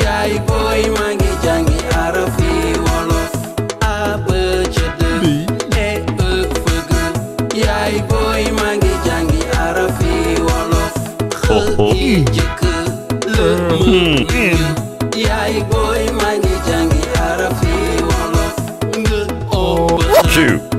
yaay booy maa ngi jàngi arafi wolof a b c d e f g yaay booy ngi jàngi arafi wolof x i j k l m n ngi jàngi arafi wolof ng o b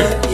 bi